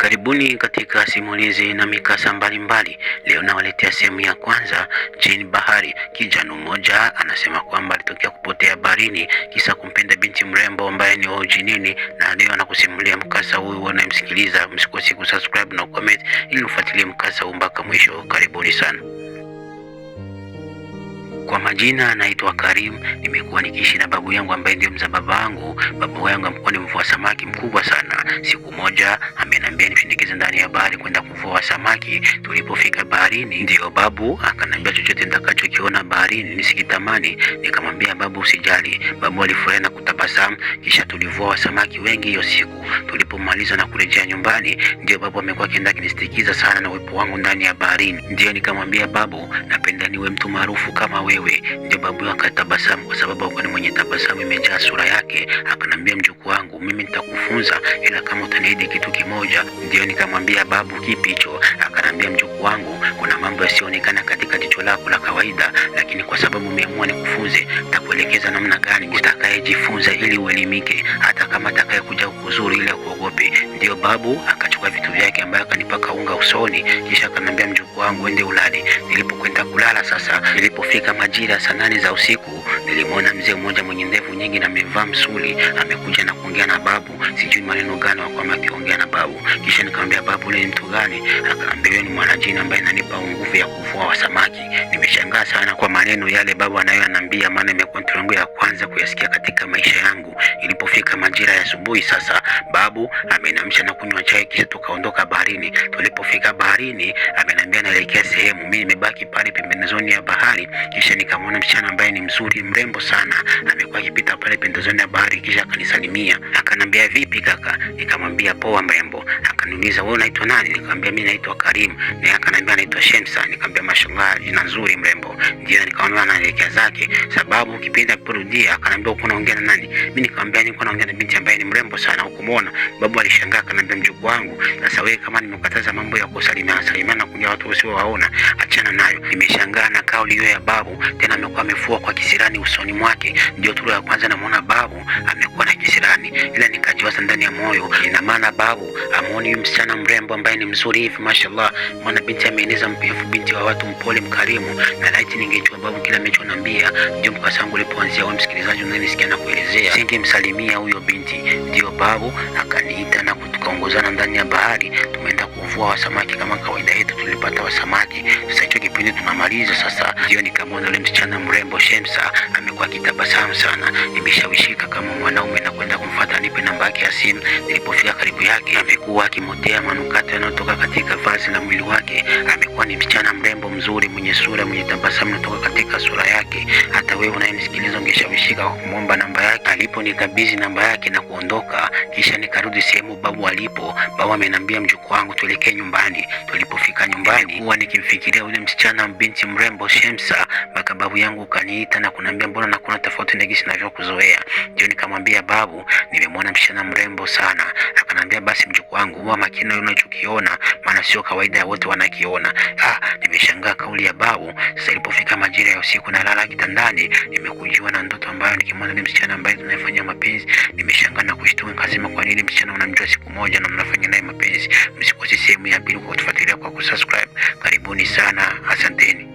Karibuni katika simulizi na mikasa mbalimbali. Leo nawaletea sehemu ya kwanza, Chini Bahari. Kijana mmoja anasema kwamba alitokea kupotea baharini kisa kumpenda binti mrembo ambaye ni wa ujinini, na leo anakusimulia mkasa huu. Unayemsikiliza, msikose kusubscribe na comment ili ufuatilie mkasa huu mpaka mwisho. Karibuni sana. Kwa majina anaitwa Karim. Nimekuwa nikiishi na babu yangu ambaye ndio mzababa wangu Babu yangu amekuwa ni mvua samaki mkubwa sana. Siku moja benefit gizin ndani kwenda kuvua samaki. Tulipofika baharini, ndio babu akanambia chochote nitakachokiona baharini nisikitamani. Nikamwambia babu, usijali. Babu alifurahi na kutabasamu, kisha tulivua samaki wengi hiyo siku. Tulipomaliza na kurejea nyumbani, ndio babu amekuwa akienda akinisistikiza sana na uwepo wangu ndani ya baharini. Ndio nikamwambia babu, napenda niwe mtu maarufu kama wewe. Ndio babu akatabasamu, kwa sababu alikuwa ni mwenye tabasamu imejaa sura yake. Akanambia, mjukuu wangu, mimi nitakufunza, ila kama utaniahidi kitu kimoja. Ndio nikamwambia babu, kipi? hicho, akaniambia mjukuu wangu, kuna mambo yasiyoonekana katika jicho lako la kawaida, lakini kwa sababu umeamua nikufunze, takuelekeza namna gani utakayejifunza ili uelimike, hata kama atakayekuja kukuzuru ili akuogope. Ndio babu aka akachukua vitu vyake ambaye akanipa kaunga usoni, kisha akanambia mjukuu wangu ende ulale. Nilipokwenda kulala sasa, nilipofika majira saa nane za usiku, nilimwona mzee mmoja mwenye ndevu nyingi na amevaa msuli, amekuja na kuongea na babu. Sijui maneno gani wakwama akiongea na babu, kisha nikamwambia babu, ni mtu gani? Akaambia ni mwanajini ambaye ananipa nguvu ya kuvua wa samaki. Nimeshangaa sana kwa maneno yale baba anambia, maana imekuwa ndio yangu ya kwanza kuyasikia katika maisha yangu. Ilipofika majira ya asubuhi, sasa babu ameniamsha na kunywa chai, kisha tukaondoka baharini. Tulipofika baharini, ameniambia naelekea sehemu, mimi nimebaki pale pembezoni ya bahari. Kisha nikamwona msichana ambaye ni mzuri, mrembo sana, amekuwa akipita pale pembezoni ya bahari, kisha akanisalimia, akanambia vipi kaka? Nikamwambia poa mrembo. Akaniuliza wewe unaitwa nani? Nikamwambia mimi naitwa Karim, naye akanambia anaitwa Shemsa. Nikamwambia mashallah, jina nzuri mrembo, Ndio nikaondoa naelekea zake, sababu kipindi aliporudia akaniambia uko naongea na nani? Mimi nikamwambia niko naongea na binti ambaye ni mrembo sana, ukumuona. Babu alishangaa akaniambia, mjukuu wangu, sasa wewe kama nimekataza mambo ya kusalimia salimiana kuja watu usio waona, achana nayo. Nimeshangaa na kauli hiyo ya babu, tena amekuwa amefua kwa kisirani usoni mwake. Ndio tu ya kwanza namuona babu amekuwa na kisirani, ila moyo. Ina maana babu amuoni huyu msichana mrembo ambaye ni mzuri hivi, mashallah, mwana binti ameeneza mpevu, binti wa watu, mpole, mkarimu, na laiti ningejua babu kila amechoniambia jumba sangu ulipoanzia, wewe msikilizaji unanisikia na kuelezea, singemsalimia huyo binti. Ndio babu akaniita na tukaongozana ndani ya bahari, tumeenda kuvua wasamaki kama kawaida yetu, tulipata wasamaki. Sasa hicho kipindi tunamaliza sasa, ndio nikamwona yule msichana mrembo Shemsa amekuwa kitabasamu sana, nimeshawishika kama mwanaume babake Yasin. Nilipofika karibu yake, amekuwa akimotea manukato yanayotoka katika vazi la mwili wake. Amekuwa ni msichana mrembo mzuri, mwenye sura, mwenye tabasamu kutoka katika sura yake. Hata wewe unayenisikiliza ungeshawishika kwa kumwomba namba yake. Alipo Aliponikabidhi namba yake na kuondoka, kisha nikarudi sehemu babu alipo. Babu amenambia mjukuu wangu tuelekee nyumbani. Tulipofika nyumbani, huwa nikimfikiria yule msichana binti mrembo Shemsa, mpaka babu yangu kaniita na kuniambia mbona nakuna tofauti na jinsi ninavyokuzoea. Ndio nikamwambia babu, nimemwona msichana msichana mrembo sana. Akanambia, basi mjukuu wangu, huwa makini unachokiona, maana sio kawaida ya wote wanakiona. Ah, nimeshangaa kauli ya babu. Sasa ilipofika majira ya usiku na lala kitandani, nimekujiwa na ndoto ambayo nikimwona ni msichana ambaye tunafanya mapenzi. Nimeshangaa na kushtuka, nikasema kwa nini msichana unamjua siku moja na mnafanya naye mapenzi? Msikose sehemu ya pili kwa kutufuatilia kwa kusubscribe. Karibuni sana, asanteni.